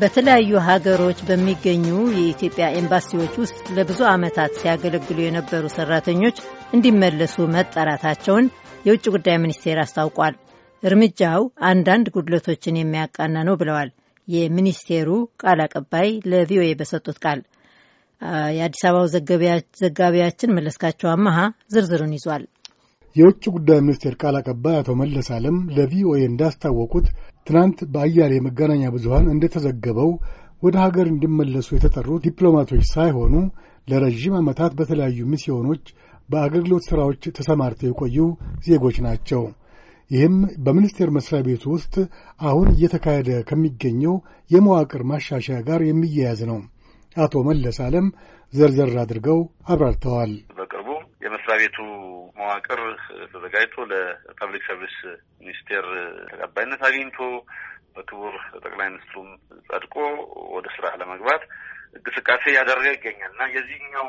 በተለያዩ ሀገሮች በሚገኙ የኢትዮጵያ ኤምባሲዎች ውስጥ ለብዙ ዓመታት ሲያገለግሉ የነበሩ ሰራተኞች እንዲመለሱ መጠራታቸውን የውጭ ጉዳይ ሚኒስቴር አስታውቋል። እርምጃው አንዳንድ ጉድለቶችን የሚያቃና ነው ብለዋል የሚኒስቴሩ ቃል አቀባይ ለቪኦኤ በሰጡት ቃል። የአዲስ አበባው ዘጋቢያችን መለስካቸው አመሃ ዝርዝሩን ይዟል። የውጭ ጉዳይ ሚኒስቴር ቃል አቀባይ አቶ መለስ ዓለም ለቪኦኤ እንዳስታወቁት ትናንት በአያሌ መገናኛ ብዙሃን እንደተዘገበው ወደ ሀገር እንዲመለሱ የተጠሩት ዲፕሎማቶች ሳይሆኑ ለረዥም ዓመታት በተለያዩ ሚስዮኖች በአገልግሎት ሥራዎች ተሰማርተው የቆዩ ዜጎች ናቸው። ይህም በሚኒስቴር መስሪያ ቤቱ ውስጥ አሁን እየተካሄደ ከሚገኘው የመዋቅር ማሻሻያ ጋር የሚያያዝ ነው። አቶ መለስ ዓለም ዘርዘር አድርገው አብራርተዋል። የመስሪያ ቤቱ መዋቅር ተዘጋጅቶ ለፐብሊክ ሰርቪስ ሚኒስቴር ተቀባይነት አግኝቶ በክቡር ጠቅላይ ሚኒስትሩም ጸድቆ ወደ ስራ ለመግባት እንቅስቃሴ እያደረገ ይገኛል እና የዚህኛው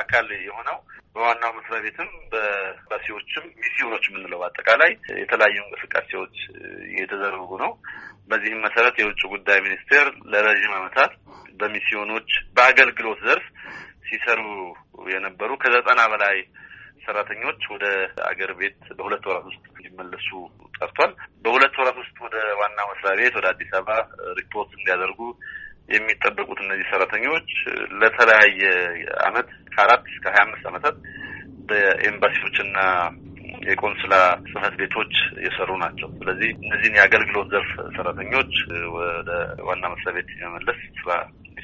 አካል የሆነው በዋናው መስሪያ ቤትም በባሲዎችም ሚስዮኖች የምንለው አጠቃላይ የተለያዩ እንቅስቃሴዎች እየተዘረጉ ነው። በዚህም መሰረት የውጭ ጉዳይ ሚኒስቴር ለረዥም ዓመታት በሚስዮኖች በአገልግሎት ዘርፍ ሲሰሩ የነበሩ ከዘጠና በላይ ሰራተኞች ወደ አገር ቤት በሁለት ወራት ውስጥ እንዲመለሱ ጠርቷል። በሁለት ወራት ውስጥ ወደ ዋና መስሪያ ቤት ወደ አዲስ አበባ ሪፖርት እንዲያደርጉ የሚጠበቁት እነዚህ ሰራተኞች ለተለያየ አመት ከአራት እስከ ሀያ አምስት አመታት በኤምባሲዎችና የቆንስላ ጽህፈት ቤቶች የሰሩ ናቸው። ስለዚህ እነዚህን የአገልግሎት ዘርፍ ሰራተኞች ወደ ዋና መስሪያ ቤት የመመለስ ስራ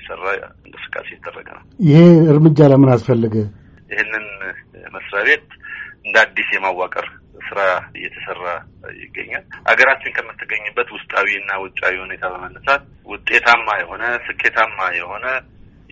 እንዲሰራ እንቅስቃሴ የተደረገ ነው። ይሄ እርምጃ ለምን አስፈለገ? ይህንን መስሪያ ቤት እንደ አዲስ የማዋቀር ስራ እየተሰራ ይገኛል። ሀገራችን ከምትገኝበት ውስጣዊ እና ውጫዊ ሁኔታ በመነሳት ውጤታማ የሆነ ስኬታማ የሆነ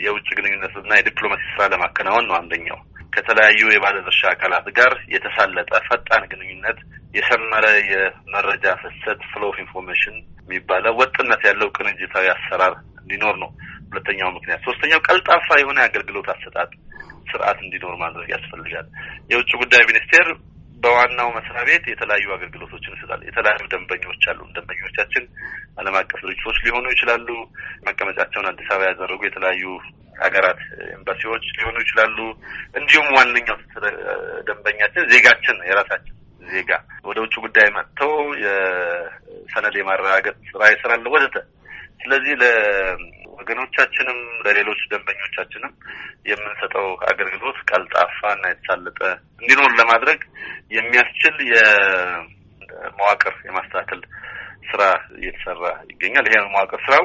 የውጭ ግንኙነት እና የዲፕሎማሲ ስራ ለማከናወን ነው። አንደኛው ከተለያዩ የባለድርሻ አካላት ጋር የተሳለጠ ፈጣን ግንኙነት፣ የሰመረ የመረጃ ፍሰት ፍሎ ኦፍ ኢንፎርሜሽን የሚባለው ወጥነት ያለው ቅንጅታዊ አሰራር እንዲኖር ነው። ሁለተኛው ምክንያት። ሶስተኛው ቀልጣፋ የሆነ የአገልግሎት አሰጣጥ ስርዓት እንዲኖር ማድረግ ያስፈልጋል። የውጭ ጉዳይ ሚኒስቴር በዋናው መስሪያ ቤት የተለያዩ አገልግሎቶችን ይሰጣል። የተለያዩ ደንበኞች አሉ። ደንበኞቻችን ዓለም አቀፍ ድርጅቶች ሊሆኑ ይችላሉ። መቀመጫቸውን አዲስ አበባ ያደረጉ የተለያዩ ሀገራት ኤምባሲዎች ሊሆኑ ይችላሉ። እንዲሁም ዋነኛው ደንበኛችን ዜጋችን የራሳችን ዜጋ ወደ ውጭ ጉዳይ መጥተው የሰነድ የማረጋገጥ ስራ ይሰራል ወዘተ። ስለዚህ ወገኖቻችንም ለሌሎች ደንበኞቻችንም የምንሰጠው አገልግሎት ቀልጣፋ እና የተሳለጠ እንዲኖር ለማድረግ የሚያስችል የመዋቅር የማስተካከል ስራ እየተሰራ ይገኛል። ይሄ መዋቅር ስራው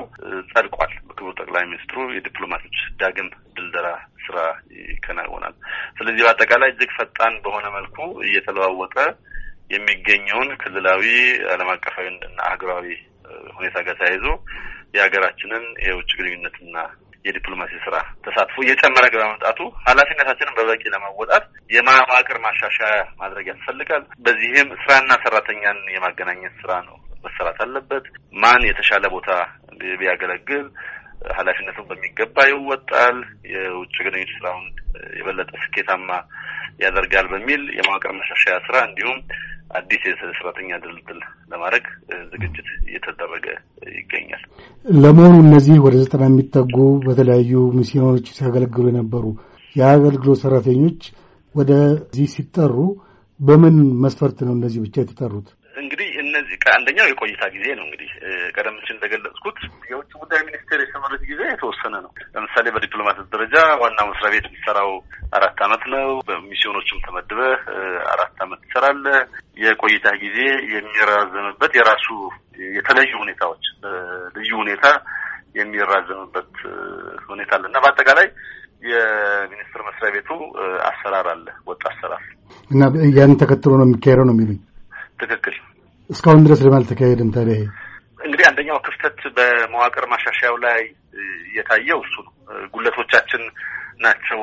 ጸድቋል። በክቡር ጠቅላይ ሚኒስትሩ የዲፕሎማቶች ዳግም ድልደራ ስራ ይከናወናል። ስለዚህ በአጠቃላይ እጅግ ፈጣን በሆነ መልኩ እየተለዋወጠ የሚገኘውን ክልላዊ ዓለም አቀፋዊ እና አህጉራዊ ሁኔታ ጋር ተያይዞ የሀገራችንን የውጭ ግንኙነትና የዲፕሎማሲ ስራ ተሳትፎ እየጨመረ በመምጣቱ ኃላፊነታችንን በበቂ ለመወጣት የመዋቅር ማሻሻያ ማድረግ ያስፈልጋል። በዚህም ስራና ሰራተኛን የማገናኘት ስራ ነው መሰራት አለበት። ማን የተሻለ ቦታ ቢያገለግል ኃላፊነቱን በሚገባ ይወጣል፣ የውጭ ግንኙነት ስራውን የበለጠ ስኬታማ ያደርጋል በሚል የመዋቅር ማሻሻያ ስራ እንዲሁም አዲስ የሰራተኛ ድልድል ለማድረግ ዝግጅት እየተደረገ ይገኛል። ለመሆኑ እነዚህ ወደ ዘጠና የሚጠጉ በተለያዩ ሚስዮኖች ሲያገለግሉ የነበሩ የአገልግሎት ሰራተኞች ወደዚህ ሲጠሩ በምን መስፈርት ነው እነዚህ ብቻ የተጠሩት? አንደኛው የቆይታ ጊዜ ነው። እንግዲህ ቀደም ሲል እንደገለጽኩት የውጭ ጉዳይ ሚኒስቴር የሰመረት ጊዜ የተወሰነ ነው። ለምሳሌ በዲፕሎማቶች ደረጃ ዋና መስሪያ ቤት የሚሰራው አራት አመት ነው። በሚስዮኖቹም ተመድበህ አራት አመት ትሰራለህ። የቆይታ ጊዜ የሚራዘምበት የራሱ የተለዩ ሁኔታዎች ልዩ ሁኔታ የሚራዘምበት ሁኔታ አለ እና በአጠቃላይ የሚኒስትር መስሪያ ቤቱ አሰራር አለ፣ ወጥ አሰራር እና ያን ተከትሎ ነው የሚካሄደው ነው የሚሉኝ። ትክክል እስካሁን ድረስ ለምን አልተካሄደም ታዲያ? ይሄ እንግዲህ አንደኛው ክፍተት በመዋቅር ማሻሻያው ላይ የታየው እሱ ነው። ጉለቶቻችን ናቸው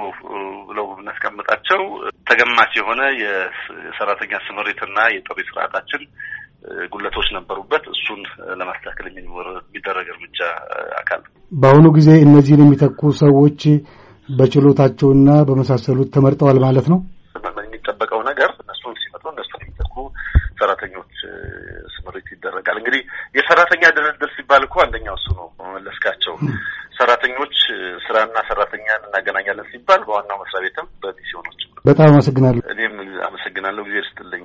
ብለው ብናስቀምጣቸው ተገማች የሆነ የሰራተኛ ስምሪትና የጥሪ ስርዓታችን ጉለቶች ነበሩበት። እሱን ለማስተካከል የሚደረግ እርምጃ አካል በአሁኑ ጊዜ እነዚህን የሚተኩ ሰዎች በችሎታቸውና በመሳሰሉት ተመርጠዋል ማለት ነው። የሚጠበቀው ነገር እነሱን ሲመጡ እነሱን የሚተኩ ሰራተኞች ስምሪት ይደረጋል። እንግዲህ የሰራተኛ ድርድር ሲባል እኮ አንደኛው እሱ ነው። መለስካቸው ሰራተኞች ስራና ሰራተኛን እናገናኛለን ሲባል በዋናው መስሪያ ቤትም በሚስዮኖች በጣም አመሰግናለሁ። እኔም አመሰግናለሁ። ጊዜ ይስጥልኝ።